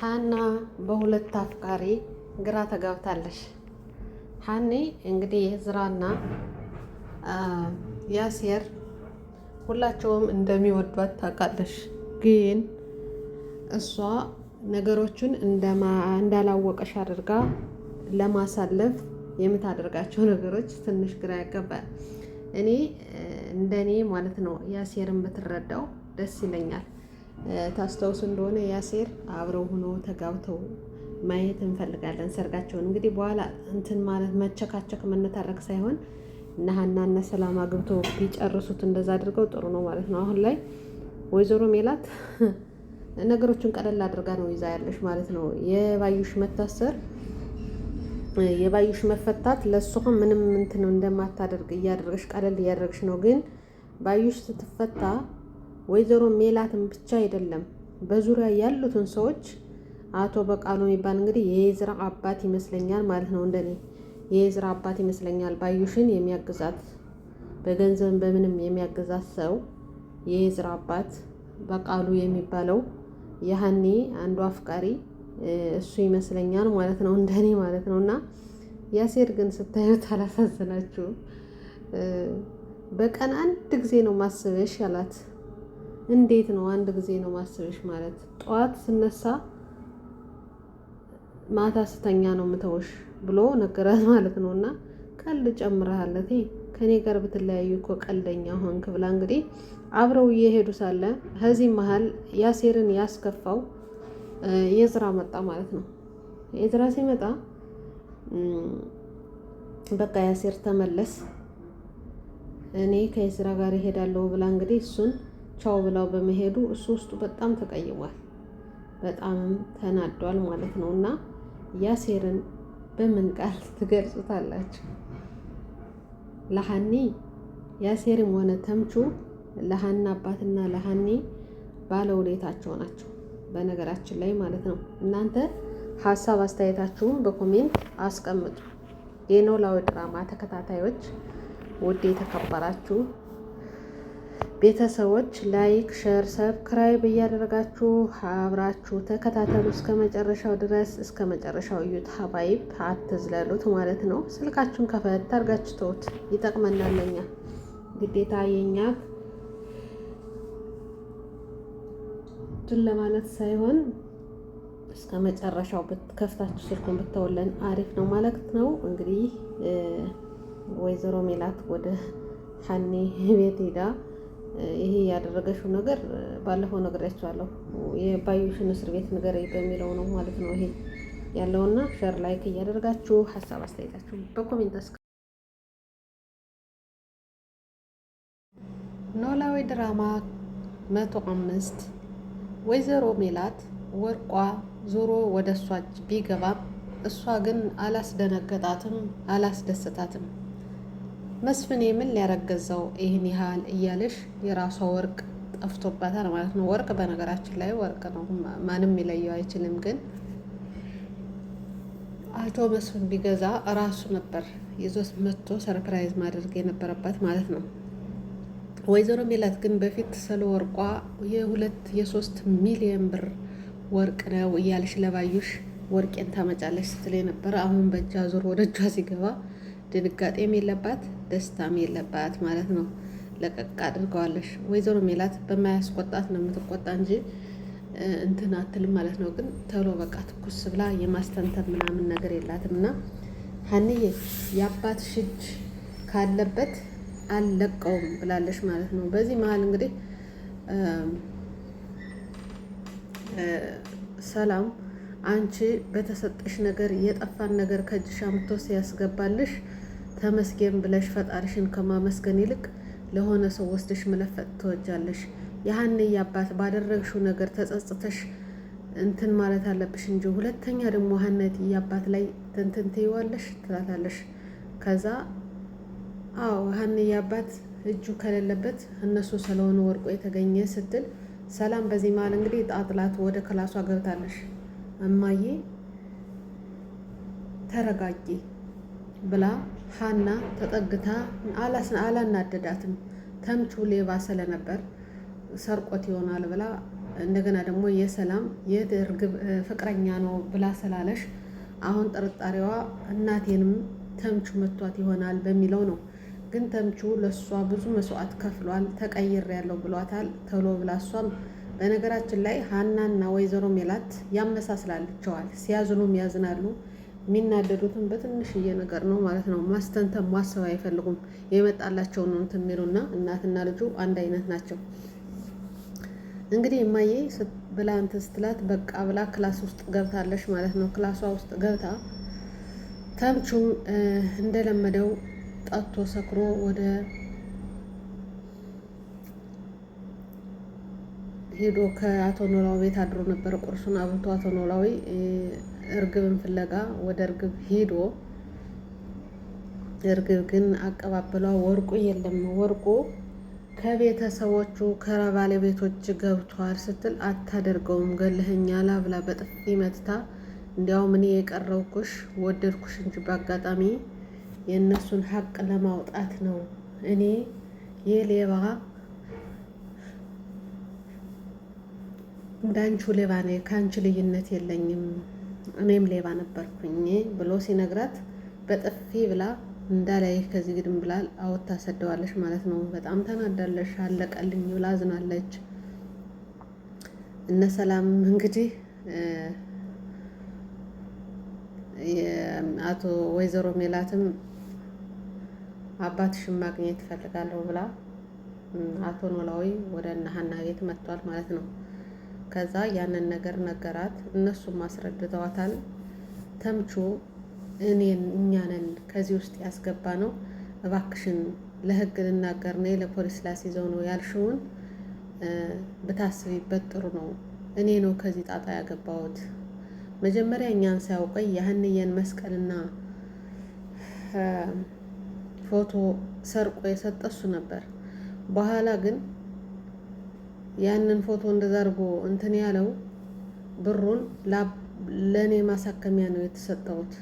ሀና በሁለት አፍቃሪ ግራ ተጋብታለሽ። ሀኔ እንግዲህ የዝራና ያሴር ሁላቸውም እንደሚወዷት ታውቃለች። ግን እሷ ነገሮቹን እንዳላወቀሽ አድርጋ ለማሳለፍ የምታደርጋቸው ነገሮች ትንሽ ግራ ያገባል። እኔ እንደኔ ማለት ነው ያሴርን ብትረዳው ደስ ይለኛል። ታስታውሱ እንደሆነ ያሴር አብረው ሆኖ ተጋብተው ማየት እንፈልጋለን። ሰርጋቸውን እንግዲህ በኋላ እንትን ማለት መቸካቸክ መነታረክ ሳይሆን እነ ሰላም አግብቶ ቢጨርሱት እንደዛ አድርገው ጥሩ ነው ማለት ነው። አሁን ላይ ወይዘሮ ሜላት ነገሮችን ቀለል አድርጋ ነው ይዛ ያለሽ ማለት ነው። የባዩሽ መታሰር የባዩሽ መፈታት ለእሷ ምንም እንትን እንደማታደርግ እያደረግሽ ቀለል እያደረግሽ ነው። ግን ባዩሽ ስትፈታ ወይዘሮ ሜላትን ብቻ አይደለም በዙሪያ ያሉትን ሰዎች አቶ በቃሉ የሚባል እንግዲህ የዝራ አባት ይመስለኛል ማለት ነው። እንደኔ የዝራ አባት ይመስለኛል። ባዩሽን የሚያግዛት በገንዘብ በምንም የሚያግዛት ሰው የዝራ አባት በቃሉ የሚባለው የሀኒ አንዱ አፍቃሪ እሱ ይመስለኛል ማለት ነው። እንደኔ ማለት ነው። እና ያሴር ግን ስታዩት አላሳዝናችሁ። በቀን አንድ ጊዜ ነው ማስበሽ ያላት እንዴት ነው አንድ ጊዜ ነው ማሰብሽ ማለት? ጠዋት ስነሳ ማታ ስተኛ ነው ምተውሽ ብሎ ነገራት ማለት ነው። እና ቀልድ ጨምረሃለት ከኔ ጋር ብትለያዩ እኮ ቀልደኛ ሆንክ ብላ እንግዲህ አብረው እየሄዱ ሳለ ከዚህ መሀል ያሴርን ያስከፋው የዝራ መጣ ማለት ነው። የዝራ ሲመጣ በቃ ያሴር ተመለስ፣ እኔ ከየዝራ ጋር ይሄዳለሁ ብላ እንግዲህ እሱን ቻው ብለው በመሄዱ እሱ ውስጡ በጣም ተቀይሟል፣ በጣም ተናዷል ማለት ነው። እና ያሴርን በምን ቃል ትገልጹታላችሁ? ለሀኒ ያሴርም ሆነ ተምቹ ለሀና አባትና ለሀኒ ባለውለታቸው ናቸው፣ በነገራችን ላይ ማለት ነው። እናንተ ሀሳብ አስተያየታችሁን በኮሜንት አስቀምጡ። የኖላዊ ድራማ ተከታታዮች ውድ የተከበራችሁ ቤተሰቦች ላይክ፣ ሸር፣ ሰብስክራይብ እያደረጋችሁ አብራችሁ ተከታተሉ እስከ መጨረሻው ድረስ። እስከ መጨረሻው እዩት ሀባይብ አትዝለሉት ማለት ነው። ስልካችሁን ከፈት አድርጋችሁ ተውት፣ ይጠቅመናል ለኛ ግዴታ የኛ ድን ለማለት ሳይሆን እስከ መጨረሻው ከፍታችሁ ስልኩን ብታውለን አሪፍ ነው ማለት ነው። እንግዲህ ወይዘሮ ሜላት ወደ ሀኒ ቤት ሄዳ ይሄ ያደረገሽው ነገር ባለፈው ነግሬያቸዋለሁ። የባዩሽን እስር ቤት ንገረኝ በሚለው ነው ማለት ነው ይሄ ያለውና ሸር ላይክ እያደረጋችሁ ሀሳብ አስተያየታችሁ በኮሜንት አስ ኖላዊ ድራማ መቶ አምስት ወይዘሮ ሜላት ወርቋ ዞሮ ወደ እሷ ቢገባም እሷ ግን አላስደነገጣትም፣ አላስደሰታትም። መስፍኔ ምን ሊያረገዘው ይህን ያህል እያልሽ የራሷ ወርቅ ጠፍቶበታል ማለት ነው። ወርቅ በነገራችን ላይ ወርቅ ነው፣ ማንም ሊለየው አይችልም። ግን አቶ መስፍን ቢገዛ እራሱ ነበር ይዞት መጥቶ ሰርፕራይዝ ማድረግ የነበረበት ማለት ነው። ወይዘሮ ሜላት ግን በፊት ስለ ወርቋ የሁለት የሶስት ሚሊዮን ብር ወርቅ ነው እያልሽ ለባዩሽ ወርቄን ታመጫለች ስትል ነበር። አሁን በእጃ ዞር ወደ እጇ ሲገባ ድንጋጤም የለባት ደስታም የለባት ማለት ነው። ለቀቅ አድርገዋለሽ። ወይዘሮ ሜላት በማያስቆጣት ነው የምትቆጣ እንጂ እንትን አትልም ማለት ነው። ግን ተሎ በቃ ትኩስ ብላ የማስተንተን ምናምን ነገር የላትም እና ሀንዬ የአባትሽ እጅ ካለበት አልለቀውም ብላለሽ ማለት ነው። በዚህ መሀል እንግዲህ ሰላም አንቺ በተሰጠሽ ነገር የጠፋን ነገር ከእጅሽ አምጥቶ ሲያስገባልሽ ተመስገን ብለሽ ፈጣሪሽን ከማመስገን ይልቅ ለሆነ ሰው ወስደሽ መለፈጥ ትወጃለሽ። የሀንዬ አባት ባደረግሽው ነገር ተጸጽተሽ እንትን ማለት አለብሽ እንጂ ሁለተኛ ደግሞ ሀነት አባት ላይ ትንትን ትይዋለሽ ትላታለሽ። ከዛ አዎ ሀን አባት እጁ ከሌለበት እነሱ ስለሆነ ወርቆ የተገኘ ስትል ሰላም በዚህ መሀል እንግዲህ ጣጥላት ወደ ክላሷ ገብታለሽ። እማዬ ተረጋጊ ብላ ሀና ተጠግታ አላናደዳትም። ተምቹ ሌባ ስለነበር ሰርቆት ይሆናል ብላ እንደገና ደግሞ የሰላም የርግብ ፍቅረኛ ነው ብላ ስላለሽ አሁን ጥርጣሬዋ እናቴንም ተምቹ መቷት ይሆናል በሚለው ነው። ግን ተምቹ ለእሷ ብዙ መስዋዕት ከፍሏል፣ ያለው ብሏታል ተሎ ብላ እሷም በነገራችን ላይ ሀናና ወይዘሮ ሜላት ያመሳስላልቸዋል። ሲያዝኑም ያዝናሉ የሚናደዱትም በትንሽዬ ነገር ነው ማለት ነው። ማስተንተም ማሰብ አይፈልጉም። የመጣላቸው ነው እንትን የሚሉና እናትና ልጁ አንድ አይነት ናቸው። እንግዲህ እማዬ ብላ እንትን ስትላት በቃ ብላ ክላስ ውስጥ ገብታለች ማለት ነው። ክላሷ ውስጥ ገብታ ተምቹም እንደለመደው ጠጥቶ ሰክሮ ወደ ሄዶ ከአቶ ኖላዊ ቤት አድሮ ነበረ። ቁርሱን አብልቶ አቶ ኖላዊ እርግብን ፍለጋ ወደ እርግብ ሄዶ እርግብ ግን አቀባበሏ ወርቁ የለም ወርቁ ከቤተሰቦቹ ቤቶች ገብቷል ስትል አታደርገውም፣ ገለኸኛላ ብላ በጥፊ መትታ እንዲያውም እኔ የቀረብኩሽ ወደድኩሽ እንጂ በአጋጣሚ የእነሱን ሀቅ ለማውጣት ነው። እኔ የሌባ እንዳንቹ ሌባ ነኝ፣ ከአንቺ ልዩነት የለኝም እኔም ሌባ ነበርኩኝ ብሎ ሲነግራት በጥፊ ብላ እንዳላይህ ከዚህ ግድም ብላ አወታ ሰደዋለች ማለት ነው። በጣም ተናዳለች። አለቀልኝ ብላ አዝናለች። እነ ሰላም እንግዲህ አቶ ወይዘሮ ሜላትም አባትሽን ማግኘት እፈልጋለሁ ብላ አቶ ኖላዊ ወደ እነ ሀና ቤት መጥቷል ማለት ነው። ከዛ ያንን ነገር ነገራት። እነሱም አስረድተዋታል። ተምቹ እኔን እኛንን ከዚህ ውስጥ ያስገባ ነው እባክሽን ለህግ ልናገር ነው ለፖሊስ ላስይዘው ነው ያልሽውን ብታስቢበት ጥሩ ነው። እኔ ነው ከዚህ ጣጣ ያገባሁት። መጀመሪያ እኛን ሳያውቀኝ የህንየን መስቀልና ፎቶ ሰርቆ የሰጠ እሱ ነበር። በኋላ ግን ያንን ፎቶ እንደዛ አድርጎ እንትን ያለው ብሩን ለእኔ ማሳከሚያ ነው የተሰጠውት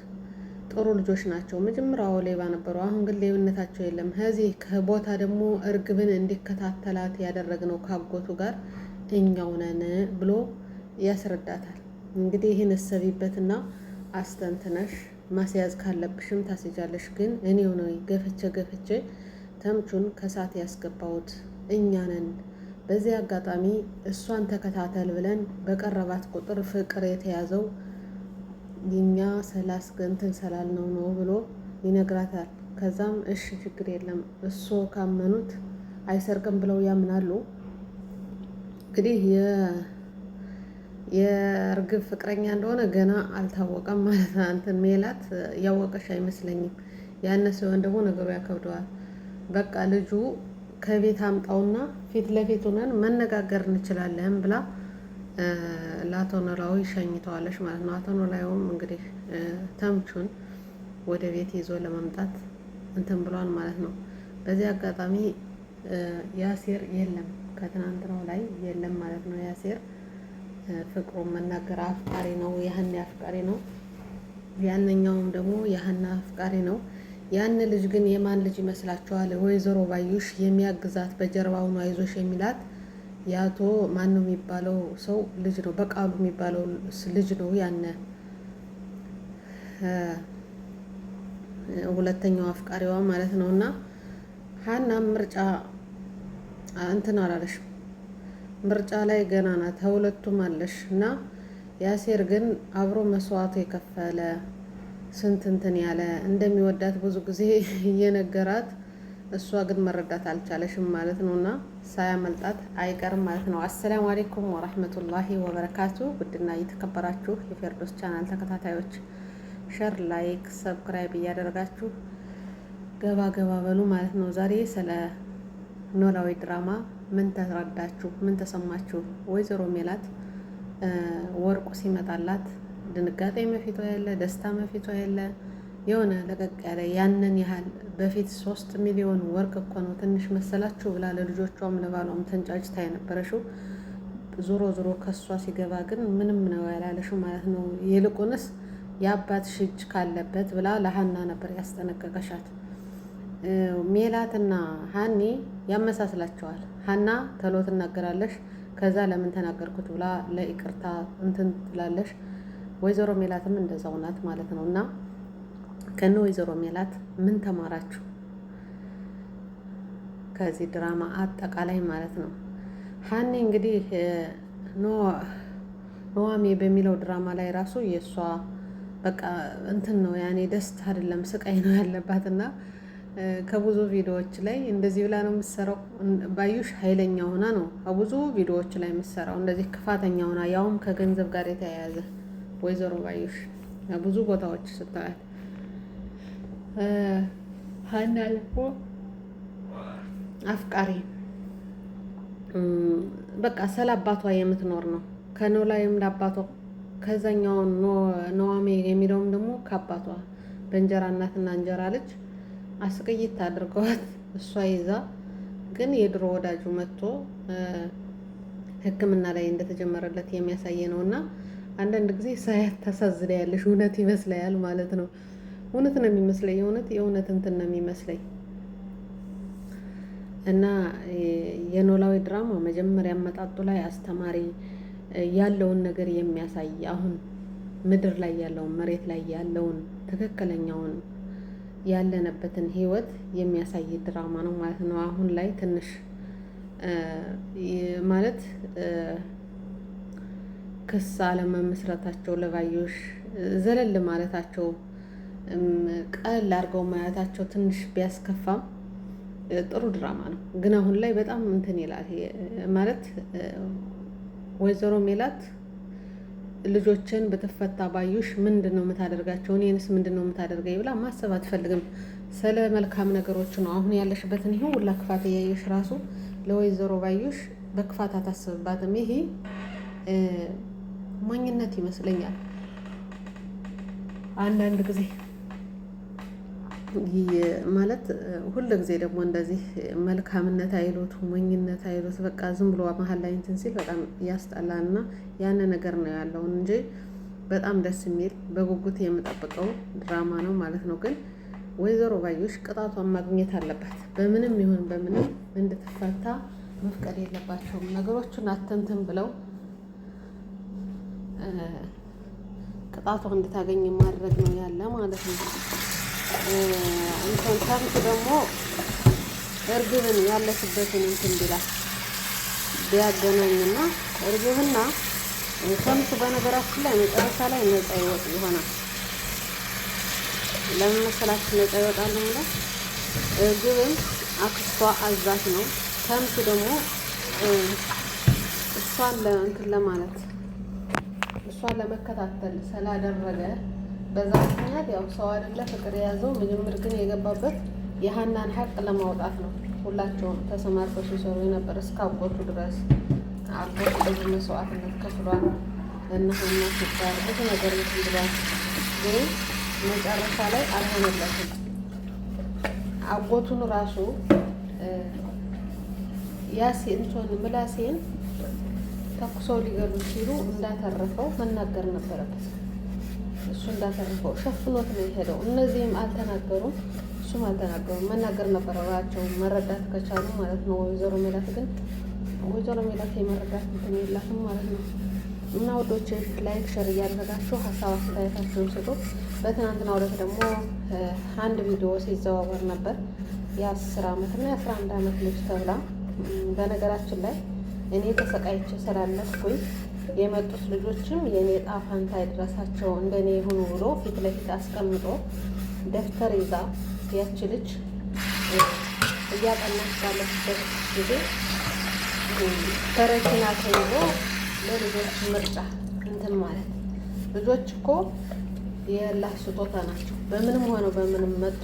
ጥሩ ልጆች ናቸው። መጀመሪያው ሌባ ነበሩ። አሁን ግን ሌብነታቸው የለም። ከዚህ ከቦታ ደግሞ እርግብን እንዲከታተላት ያደረግነው ካጎቱ ጋር እኛው ነን ብሎ ያስረዳታል። እንግዲህ ይህን እሰቢበትና አስተንትነሽ ማስያዝ ካለብሽም ታስይዣለሽ። ግን እኔው ነው ገፈቼ ገፈቼ ተምቹን ከሳት ያስገባሁት እኛ ነን በዚህ አጋጣሚ እሷን ተከታተል ብለን በቀረባት ቁጥር ፍቅር የተያዘው የኛ ሰላስ ገንትን ሰላል ነው ነው ብሎ ይነግራታል። ከዛም እሺ ችግር የለም እሱ ካመኑት አይሰርቅም ብለው ያምናሉ። እንግዲህ የእርግብ ፍቅረኛ እንደሆነ ገና አልታወቀም ማለት ነው። እንትን ሜላት ያወቀሽ አይመስለኝም። ያነ ሲሆን ደግሞ ነገሩ ያከብደዋል። በቃ ልጁ ከቤት አምጣውና ፊት ለፊት ሆነን መነጋገር እንችላለን ብላ ለአቶ ኖላዊ ሸኝተዋለች ማለት ነው። አቶ ኖላዊውም እንግዲህ ተምቹን ወደ ቤት ይዞ ለመምጣት እንትን ብሏል ማለት ነው። በዚህ አጋጣሚ ያሴር የለም ከትናንትናው ላይ የለም ማለት ነው። ያሴር ፍቅሩ መናገር አፍቃሪ ነው፣ ያህና አፍቃሪ ነው፣ ያነኛውም ደግሞ ያህና አፍቃሪ ነው። ያን ልጅ ግን የማን ልጅ ይመስላችኋል? ወይዘሮ ባዩሽ የሚያግዛት በጀርባ ነው አይዞሽ የሚላት የአቶ ማን ነው የሚባለው ሰው ልጅ ነው፣ በቃሉ የሚባለው ልጅ ነው። ያነ ሁለተኛው አፍቃሪዋ ማለት ነው። እና ሀና ምርጫ እንትን አላለሽ፣ ምርጫ ላይ ገና ናት። ከሁለቱም አለሽ እና ያሴር ግን አብሮ መስዋዕቱ የከፈለ ስንት እንትን ያለ እንደሚወዳት ብዙ ጊዜ እየነገራት እሷ ግን መረዳት አልቻለሽም ማለት ነው። እና ሳያመልጣት አይቀርም ማለት ነው። አሰላሙ አሌይኩም ወራህመቱላሂ ወበረካቱ። ውድና እየተከበራችሁ የፌርዶስ ቻናል ተከታታዮች ሸር፣ ላይክ፣ ሰብስክራይብ እያደረጋችሁ ገባ ገባ በሉ ማለት ነው። ዛሬ ስለ ኖላዊ ድራማ ምን ተረዳችሁ? ምን ተሰማችሁ? ወይዘሮ ሜላት ወርቁ ሲመጣላት ድንጋጤ መፊቷ የለ፣ ደስታ መፊቷ የለ፣ የሆነ ለቀቅ ያለ ያንን ያህል በፊት ሶስት ሚሊዮን ወርቅ እኮ ነው ትንሽ መሰላችሁ ብላ ለልጆቿም ለባሏም ተንጫጭታ የነበረሽው ዞሮ ዞሮ ከሷ ሲገባ ግን ምንም ነው ያላለሽው ማለት ነው። ይልቁንስ የአባትሽ እጅ ካለበት ብላ ለሀና ነበር ያስጠነቀቀሻት። ሜላትና ሀኒ ያመሳስላቸዋል። ሀና ተሎ ትናገራለሽ፣ ከዛ ለምን ተናገርኩት ብላ ለይቅርታ እንትን ትላለሽ። ወይዘሮ ሜላትም እንደዛው ናት ማለት ነው። እና ከነ ወይዘሮ ሜላት ምን ተማራችሁ ከዚህ ድራማ አጠቃላይ ማለት ነው? ሀኒ እንግዲህ ኖዋሜ በሚለው ድራማ ላይ ራሱ የእሷ በቃ እንትን ነው ያኔ ደስታ አይደለም ስቃይ ነው ያለባት እና ከብዙ ቪዲዮዎች ላይ እንደዚህ ብላ ነው የምትሰራው። ባዩሽ ኃይለኛ ሆና ነው ከብዙ ቪዲዮዎች ላይ የምትሰራው እንደዚህ ክፋተኛ ሆና ያውም ከገንዘብ ጋር የተያያዘ ወይዘሮ ባዩሽ ብዙ ቦታዎች ስታያት ሀና ልቦ አፍቃሪ በቃ ስለ አባቷ የምትኖር ነው። ከኖላዊም ለአባቷ ከዛኛው ነዋሜ የሚለውም ደግሞ ከአባቷ በእንጀራ እናትና እንጀራ ልጅ አስቅይት አድርገዋት እሷ ይዛ ግን የድሮ ወዳጁ መጥቶ ሕክምና ላይ እንደተጀመረለት የሚያሳየ ነው እና አንዳንድ ጊዜ ሳያት ታሳዝናያለሽ። እውነት ይመስለያል ማለት ነው። እውነት ነው የሚመስለኝ። የእውነት የእውነት እንትን ነው የሚመስለኝ እና የኖላዊ ድራማ መጀመሪያ አመጣጡ ላይ አስተማሪ ያለውን ነገር የሚያሳይ አሁን ምድር ላይ ያለውን መሬት ላይ ያለውን ትክክለኛውን ያለንበትን ህይወት የሚያሳይ ድራማ ነው ማለት ነው። አሁን ላይ ትንሽ ማለት ክስ አለመመስረታቸው ለባዮሽ ዘለል ማለታቸው ቀለል አድርገው ማየታቸው ትንሽ ቢያስከፋም ጥሩ ድራማ ነው። ግን አሁን ላይ በጣም እንትን ይላል ማለት ወይዘሮ ሜላት ልጆችን በተፈታ ባዩሽ ምንድን ነው የምታደርጋቸው? እኔንስ ምንድን ነው የምታደርገኝ ብላ ማሰብ አትፈልግም። ስለ መልካም ነገሮች ነው አሁን ያለሽበትን ይሄ ሁላ ክፋት እያየሽ ራሱ ለወይዘሮ ባዩሽ በክፋት አታስብባትም። ይሄ ሞኝነት ይመስለኛል አንዳንድ ጊዜ ማለት ሁሉ ጊዜ ደግሞ እንደዚህ መልካምነት አይሎት ሞኝነት አይሎት በቃ ዝም ብሎ መሀል ላይ እንትን ሲል በጣም ያስጠላል። እና ያን ነገር ነው ያለው እንጂ በጣም ደስ የሚል በጉጉት የምጠብቀው ድራማ ነው ማለት ነው። ግን ወይዘሮ ባዩሽ ቅጣቷን ማግኘት አለባት። በምንም ይሁን በምንም እንድትፈታ መፍቀድ የለባቸውም። ነገሮቹን አትንትን ብለው ቅጣቷ እንድታገኝ ማድረግ ነው ያለ ማለት ነው። እንትን ከብት ደግሞ እርግብን ያለችበትን እንትን ቢላት ቢያገናኝና እርግብና ከምት በነገራችን ላይ መጨረሻ ላይ ነጻ ይወጥ ይሆናል። ለምን መሰላችሁ ነጻ ይወጣሉ? ማለት እርግብን አክስቷ አዛት ነው። ከምት ደግሞ እሷን ለእንትን ለማለት እሷን ለመከታተል ስላደረገ በዛ ምክንያት ያው ሰው አይደለ ፍቅር የያዘው ምጅምር ግን የገባበት የሀናን ሀቅ ለማውጣት ነው። ሁላቸውም ተሰማርተው ሲሰሩ የነበረ እስከ አጎቱ ድረስ አጎቱ ብዙ መስዋዕትነት ከፍሏል። ለእነሀና ሲባል ብዙ ነገር ብሏል። ግን መጨረሻ ላይ አልሆነለትም። አጎቱን ራሱ ያሴ እንትን ምላሴን ተኩሰው ሊገሉ ሲሉ እንዳተረፈው መናገር ነበረበት። እሱ እንዳተረፈው ሸፍኖት ነው የሄደው። እነዚህም አልተናገሩም፣ እሱም አልተናገሩም። መናገር ነበረባቸው መረዳት ከቻሉ ማለት ነው። ወይዘሮ ሜላት ግን ወይዘሮ ሜላት የመረዳት እንትን የላትም ማለት ነው። እና ወዶች ላይክ ሸር እያደረጋችሁ ሀሳብ አስተያየታችሁን ስጡ። በትናንትና ዕለት ደግሞ አንድ ቪዲዮ ሲዘዋወር ነበር የአስር አመት እና የአስራ አንድ አመት ልጅ ተብላ በነገራችን ላይ እኔ ተሰቃይቼ ስላለፍኩኝ የመጡት ልጆችም የእኔ ጣፋንታ ፈንታ ይድረሳቸው እንደኔ ይሁኑ ብሎ ፊት ለፊት አስቀምጦ ደብተር ይዛ ያች ልጅ እያጠናች ባለችበት ጊዜ ተረኪና ተይዞ ለልጆች ምርጫ እንትን ማለት ልጆች እኮ የአላህ ስጦታ ናቸው። በምንም ሆነው በምንም መጡ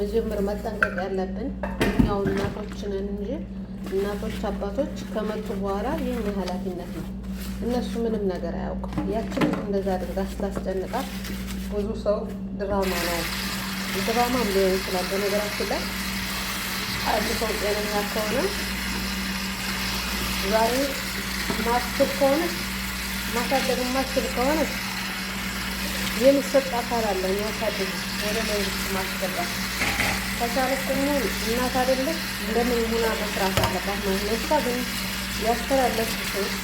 መጀመር መጠንቀቅ ያለብን እኛው እናቶችንን እንጂ እናቶች አባቶች ከመጡ በኋላ ይህን ኃላፊነት ነው። እነሱ ምንም ነገር አያውቅም። ያችን እንደዛ አድርጋ ስታስጨንቃት ብዙ ሰው ድራማ ነው ድራማ ሊሆን ይችላል። በነገራችን ላይ አንድ ሰው ጤነኛ ከሆነ ዛሬ ማስብ ከሆነ ማሳደግ ማስብ ከሆነ የሚሰጥ አካል አለ የሚያሳድግ ወደ መንግስት ማስገባት ከቻለች ደግሞ እናት አይደለች እንደምን ሆና መስራት አለባት ማለት ነው። እሷ ግን ያስተላለፍ ሴት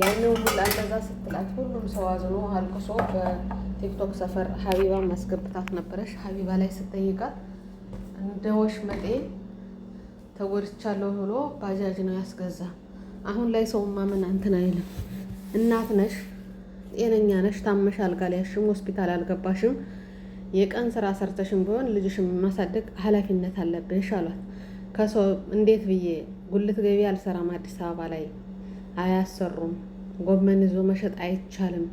ያኛው ሁላ እንደዛ ስትላት ሁሉም ሰው አዝኖ አልቅሶ በቲክቶክ ሰፈር ሀቢባ ማስገብታት ነበረች። ሀቢባ ላይ ስጠይቃት እንደ ወሽመጤ ተጎድቻለሁ ብሎ ባጃጅ ነው ያስገዛ። አሁን ላይ ሰው ማመን እንትን አይልም። እናት ነሽ፣ ጤነኛ ነሽ፣ ታመሽ አልጋ ላይ ያሽም ሆስፒታል አልገባሽም የቀን ስራ ሰርተሽም ቢሆን ልጅሽን ማሳደግ ኃላፊነት አለብሽ አሏት። ከሰው እንዴት ብዬ ጉልት ገቢ አልሰራም፣ አዲስ አበባ ላይ አያሰሩም፣ ጎመን ይዞ መሸጥ አይቻልም፣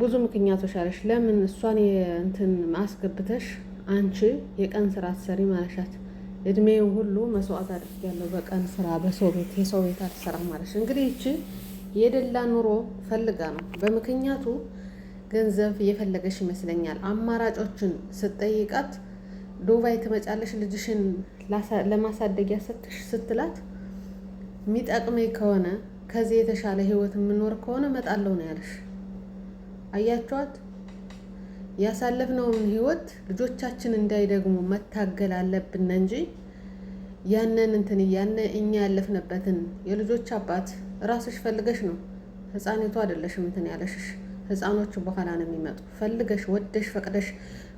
ብዙ ምክንያቶች አለሽ። ለምን እሷን እንትን አስገብተሽ አንቺ የቀን ስራ ትሰሪ ማለሻት። እድሜውን ሁሉ መስዋዕት ያለው በቀን ስራ በሰው ቤት የሰው ቤት አልሰራ ማለሽ። እንግዲህ ይቺ የደላ ኑሮ ፈልጋ ነው በምክንያቱ ገንዘብ እየፈለገሽ ይመስለኛል። አማራጮችን ስትጠይቃት ዱባይ ትመጫለሽ ልጅሽን ለማሳደጊያ ሰጥሽ ስትላት የሚጠቅመኝ ከሆነ ከዚህ የተሻለ ህይወት የምኖር ከሆነ እመጣለሁ ነው ያለሽ። አያችኋት? ያሳለፍነውን ህይወት ልጆቻችን እንዳይደግሙ መታገል አለብን እንጂ ያንን እንትን ያነ እኛ ያለፍንበትን የልጆች አባት ራስሽ ፈልገሽ ነው ህፃኔቱ አይደለሽም እንትን ያለሽሽ ህፃኖቹ በኋላ ነው የሚመጡ። ፈልገሽ ወደሽ ፈቅደሽ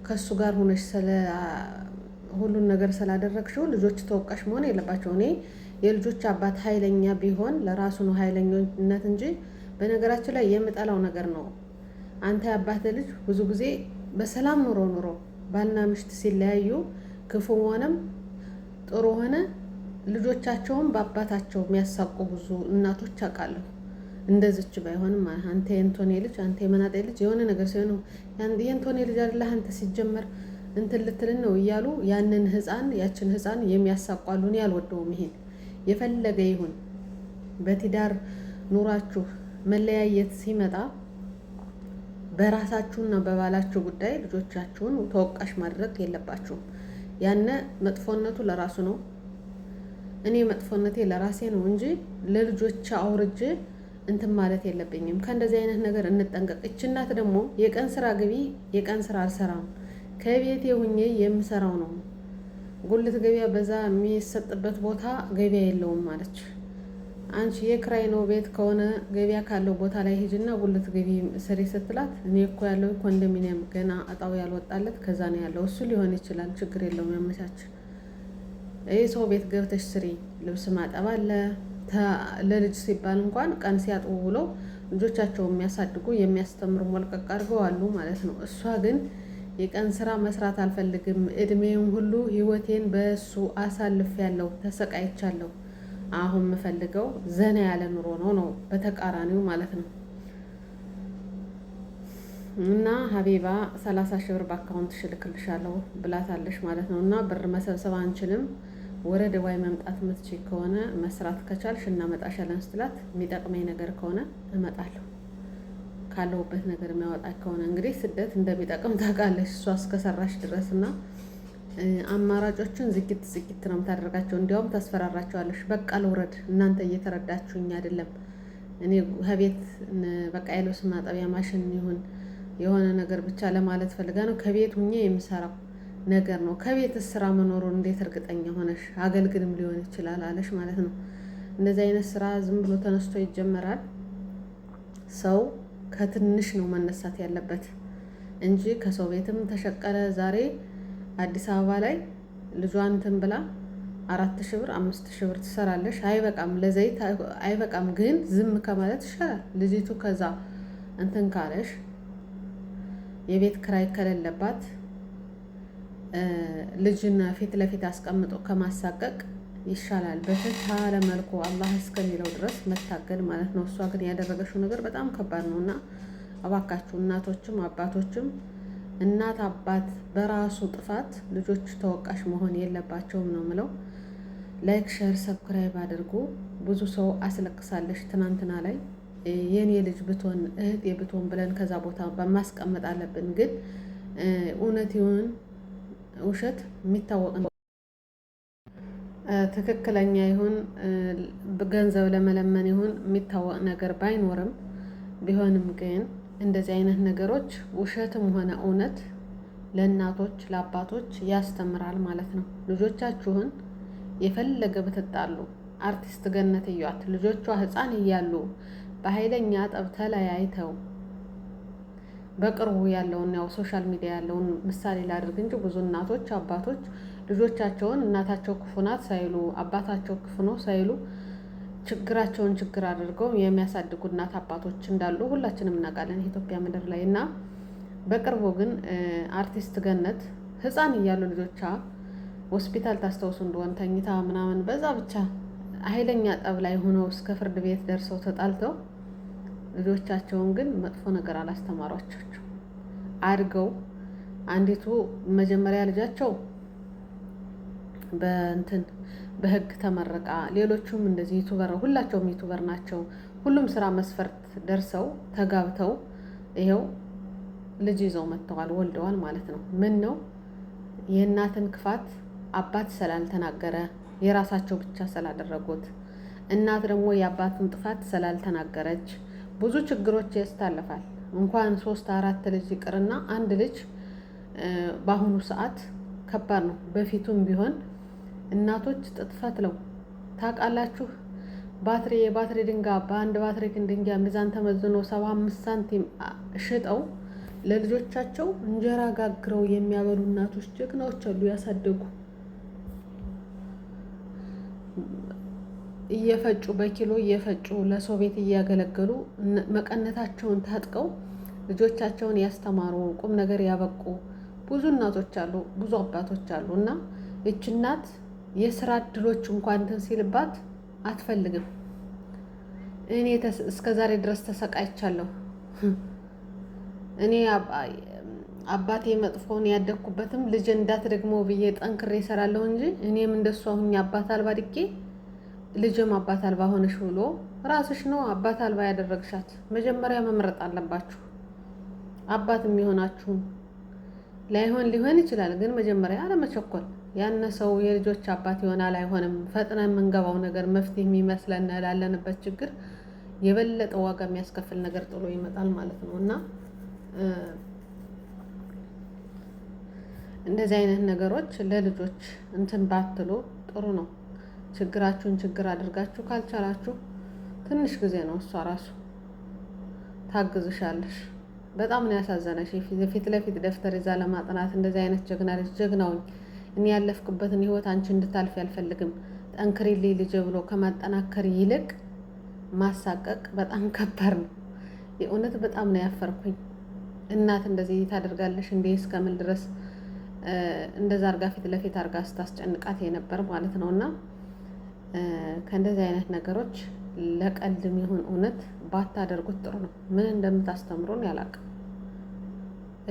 ከሱ ጋር ሆነሽ ሁሉን ነገር ስላደረግሽው ልጆች ተወቃሽ መሆን የለባቸው። እኔ የልጆች አባት ኃይለኛ ቢሆን ለራሱ ነው ኃይለኛነት እንጂ በነገራችን ላይ የምጠላው ነገር ነው። አንተ የአባት ልጅ ብዙ ጊዜ በሰላም ኑሮ ኑሮ ባልና ምሽት ሲለያዩ ክፉ ሆነም ጥሩ ሆነ ልጆቻቸውን በአባታቸው የሚያሳቁ ብዙ እናቶች አውቃለሁ። እንደዚች ባይሆንም አንተ የእንቶኔ ልጅ አንተ የመናጤ ልጅ የሆነ ነገር ሲሆን የእንቶኔ ልጅ አለ አንተ ሲጀመር እንትን ልትልን ነው እያሉ ያንን ህፃን ያችን ህፃን የሚያሳቋሉን ያልወደውም ይሄን የፈለገ ይሁን በትዳር ኑራችሁ መለያየት ሲመጣ በራሳችሁና በባላችሁ ጉዳይ ልጆቻችሁን ተወቃሽ ማድረግ የለባችሁም። ያነ መጥፎነቱ ለራሱ ነው። እኔ መጥፎነቴ ለራሴ ነው እንጂ ለልጆች አውርጄ እንትን ማለት የለብኝም። ከእንደዚህ አይነት ነገር እንጠንቀቅ። ይች እናት ደግሞ የቀን ስራ ግቢ፣ የቀን ስራ አልሰራም፣ ከቤቴ ሁኜ የምሰራው ነው። ጉልት ገቢያ በዛ የሚሰጥበት ቦታ ገቢያ የለውም ማለች። አንቺ የክራይ ነው ቤት ከሆነ ገበያ ካለው ቦታ ላይ ሂጅና ጉልት ገቢ ስሪ ስትላት፣ እኔ እኮ ያለው ኮንዶሚኒየም ገና እጣው ያልወጣለት ከዛ ነው ያለው። እሱ ሊሆን ይችላል፣ ችግር የለውም ያመቻች። ይህ ሰው ቤት ገብተሽ ስሪ፣ ልብስ ማጠብ አለ ለልጅ ሲባል እንኳን ቀን ሲያጥቡ ብለው ልጆቻቸው የሚያሳድጉ የሚያስተምሩ መልቀቅ አድርገው አሉ ማለት ነው። እሷ ግን የቀን ስራ መስራት አልፈልግም፣ እድሜውን ሁሉ ህይወቴን በእሱ ያለው ተሰቃይቻለሁ። አሁን የምፈልገው ዘና ያለ ኑሮ ነው ነው በተቃራኒው ማለት ነው። እና ሀቢባ ሰላሳ ሺህ ብር በአካውንት ሽልክልሻለሁ ብላታለሽ ማለት ነው። እና ብር መሰብሰብ አንችልም ወደ ደባይ መምጣት የምትችይ ከሆነ መስራት ከቻልሽ እናመጣሻለን ስትላት የሚጠቅመኝ ነገር ከሆነ እመጣለሁ ካለሁበት ነገር የሚያወጣ ከሆነ እንግዲህ ስደት እንደሚጠቅም ታውቃለች። እሷ እስከሰራሽ ድረስ እና አማራጮቹን ዝግት ዝግት ነው የምታደርጋቸው። እንዲያውም ታስፈራራቸዋለች በቃ ልውረድ፣ እናንተ እየተረዳችሁኝ አይደለም። እኔ ከቤት በቃ የልብስ ማጠቢያ ማሽን ይሁን የሆነ ነገር ብቻ ለማለት ፈልጋ ነው ከቤት ሁኜ የምሰራው ነገር ነው። ከቤት ስራ መኖሩ እንዴት እርግጠኛ ሆነሽ? አገልግልም ሊሆን ይችላል አለሽ ማለት ነው። እንደዚህ አይነት ስራ ዝም ብሎ ተነስቶ ይጀመራል። ሰው ከትንሽ ነው መነሳት ያለበት እንጂ ከሰው ቤትም ተሸቀለ። ዛሬ አዲስ አበባ ላይ ልጇ እንትን ብላ አራት ሺህ ብር አምስት ሺህ ብር ትሰራለሽ። አይበቃም፣ ለዘይት አይበቃም። ግን ዝም ከማለት ይሻላል። ልጅቱ ከዛ እንትን ካለሽ የቤት ክራይ ከሌለባት ልጅን ፊት ለፊት አስቀምጦ ከማሳቀቅ ይሻላል። በተቻለ መልኩ አላህ እስከሚለው ድረስ መታገል ማለት ነው። እሷ ግን ያደረገችው ነገር በጣም ከባድ ነው እና እባካችሁ እናቶችም አባቶችም እናት አባት በራሱ ጥፋት ልጆች ተወቃሽ መሆን የለባቸውም ነው ምለው። ላይክ ሸር ሰብስክራይብ አድርጉ። ብዙ ሰው አስለቅሳለች ትናንትና ላይ የኔ ልጅ ብትሆን እህቴ ብትሆን ብለን ከዛ ቦታ በማስቀመጥ አለብን። ግን እውነት ይሁን ውሸት የሚታወቅ ነው። ትክክለኛ ይሁን ገንዘብ ለመለመን ይሁን የሚታወቅ ነገር ባይኖርም ቢሆንም ግን እንደዚህ አይነት ነገሮች ውሸትም ሆነ እውነት ለእናቶች ለአባቶች ያስተምራል ማለት ነው። ልጆቻችሁን የፈለገ ብትጣሉ አርቲስት ገነት እዩዋት። ልጆቿ ሕፃን እያሉ በኃይለኛ ጠብ ተለያይተው በቅርቡ ያለውን ያው ሶሻል ሚዲያ ያለውን ምሳሌ ላድርግ እንጂ ብዙ እናቶች፣ አባቶች ልጆቻቸውን እናታቸው ክፉ ናት ሳይሉ አባታቸው ክፉ ነው ሳይሉ ችግራቸውን ችግር አድርገው የሚያሳድጉ እናት አባቶች እንዳሉ ሁላችንም እናውቃለን ኢትዮጵያ ምድር ላይ እና በቅርቡ ግን አርቲስት ገነት ህፃን እያሉ ልጆቿ ሆስፒታል ታስታውሱ እንደሆን ተኝታ ምናምን በዛ ብቻ ኃይለኛ ጠብ ላይ ሆነው እስከ ፍርድ ቤት ደርሰው ተጣልተው ልጆቻቸውን ግን መጥፎ ነገር አላስተማሯቸው። አድገው አንዲቱ መጀመሪያ ልጃቸው በእንትን በህግ ተመረቃ፣ ሌሎቹም እንደዚህ ዩቱበር፣ ሁላቸውም ዩቱበር ናቸው። ሁሉም ስራ መስፈርት ደርሰው ተጋብተው ይኸው ልጅ ይዘው መጥተዋል፣ ወልደዋል ማለት ነው። ምን ነው የእናትን ክፋት አባት ስላልተናገረ የራሳቸው ብቻ ስላደረጉት እናት ደግሞ የአባቱን ጥፋት ስላልተናገረች ብዙ ችግሮች ያስታልፋል። እንኳን ሶስት አራት ልጅ ይቅርና አንድ ልጅ በአሁኑ ሰዓት ከባድ ነው። በፊቱም ቢሆን እናቶች ጥጥ ፈትለው ታውቃላችሁ። ባትሪ የባትሪ ድንጋ በአንድ ባትሪ ድንጋ ሚዛን ተመዝኖ ሰባ አምስት ሳንቲም ሽጠው ለልጆቻቸው እንጀራ ጋግረው የሚያበሉ እናቶች ጀግናዎች አሉ ያሳደጉ እየፈጩ በኪሎ እየፈጩ ለሰው ቤት እያገለገሉ መቀነታቸውን ታጥቀው ልጆቻቸውን ያስተማሩ ቁም ነገር ያበቁ ብዙ እናቶች አሉ፣ ብዙ አባቶች አሉ። እና እች እናት የስራ እድሎች እንኳን እንትን ሲልባት አትፈልግም። እኔ እስከ ዛሬ ድረስ ተሰቃይቻለሁ። እኔ አባቴ መጥፎን ያደግኩበትም ልጅ እንዳት ደግሞ ብዬ ጠንክሬ እሰራለሁ እንጂ እኔም እንደሷ ሁኜ አባት አልባድጌ። ልጅም አባት አልባ ሆነሽ ብሎ ራስሽ ነው አባት አልባ ያደረግሻት። መጀመሪያ መምረጥ አለባችሁ አባት የሚሆናችሁም ላይሆን ሊሆን ይችላል። ግን መጀመሪያ አለመቸኮል ያነ ሰው የልጆች አባት ይሆናል አይሆንም። ፈጥነ የምንገባው ነገር መፍትሄ የሚመስለን ላለንበት ችግር የበለጠ ዋጋ የሚያስከፍል ነገር ጥሎ ይመጣል ማለት ነው እና እንደዚህ አይነት ነገሮች ለልጆች እንትን ባትሉ ጥሩ ነው። ችግራችሁን ችግር አድርጋችሁ ካልቻላችሁ ትንሽ ጊዜ ነው። እሷ ራሱ ታግዝሻለሽ። በጣም ነው ያሳዘነሽ። የፊት ለፊት ደብተር ይዛ ለማጥናት እንደዚህ አይነት ጀግና ልጅ ጀግናውኝ እኔ ያለፍኩበትን ህይወት አንቺ እንድታልፊ አልፈልግም፣ ጠንክሪልኝ ልጄ ብሎ ከማጠናከር ይልቅ ማሳቀቅ በጣም ከባድ ነው። የእውነት በጣም ነው ያፈርኩኝ። እናት እንደዚህ ታደርጋለሽ እንዴ እስከምን ድረስ እንደዛ አርጋ ፊት ለፊት አርጋ ስታስጨንቃት የነበር ማለት ነው እና ከእንደዚህ አይነት ነገሮች ለቀልድም ይሁን እውነት ባታደርጉት ጥሩ ነው። ምን እንደምታስተምሩን ያላቅ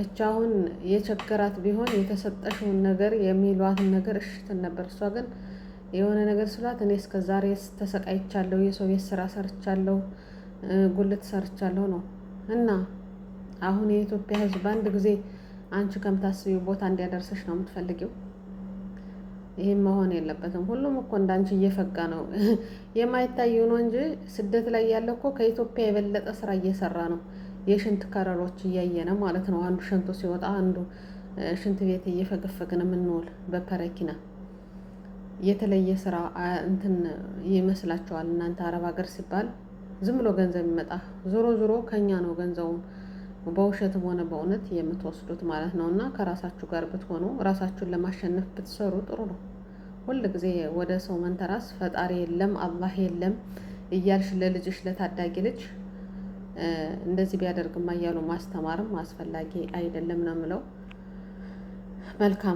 እች አሁን የቸገራት ቢሆን የተሰጠሽውን ነገር የሚሏትን ነገር እሽትን ነበር። እሷ ግን የሆነ ነገር ስሏት እኔ እስከ ዛሬ ተሰቃይቻለሁ፣ የሰው ቤት ስራ ሰርቻለሁ፣ ጉልት ሰርቻለሁ ነው እና አሁን የኢትዮጵያ ሕዝብ በአንድ ጊዜ አንቺ ከምታስቢው ቦታ እንዲያደርሰሽ ነው የምትፈልጊው። ይህም መሆን የለበትም። ሁሉም እኮ እንዳንቺ እየፈጋ ነው። የማይታየው ነው እንጂ ስደት ላይ ያለ እኮ ከኢትዮጵያ የበለጠ ስራ እየሰራ ነው። የሽንት ከረሮች እያየነ ማለት ነው። አንዱ ሽንቱ ሲወጣ አንዱ ሽንት ቤት እየፈገፈግን የምንውል በፐረኪና የተለየ ስራ እንትን ይመስላችኋል እናንተ። አረብ ሀገር ሲባል ዝም ብሎ ገንዘብ ይመጣ። ዞሮ ዞሮ ከኛ ነው ገንዘቡም በውሸትም ሆነ በእውነት የምትወስዱት ማለት ነው። እና ከራሳችሁ ጋር ብትሆኑ ራሳችሁን ለማሸነፍ ብትሰሩ ጥሩ ነው። ሁል ጊዜ ወደ ሰው መንተራስ ፈጣሪ የለም አላህ የለም እያልሽ ለልጅሽ ለታዳጊ ልጅ እንደዚህ ቢያደርግማ እያሉ ማስተማርም አስፈላጊ አይደለም ነው የምለው። መልካም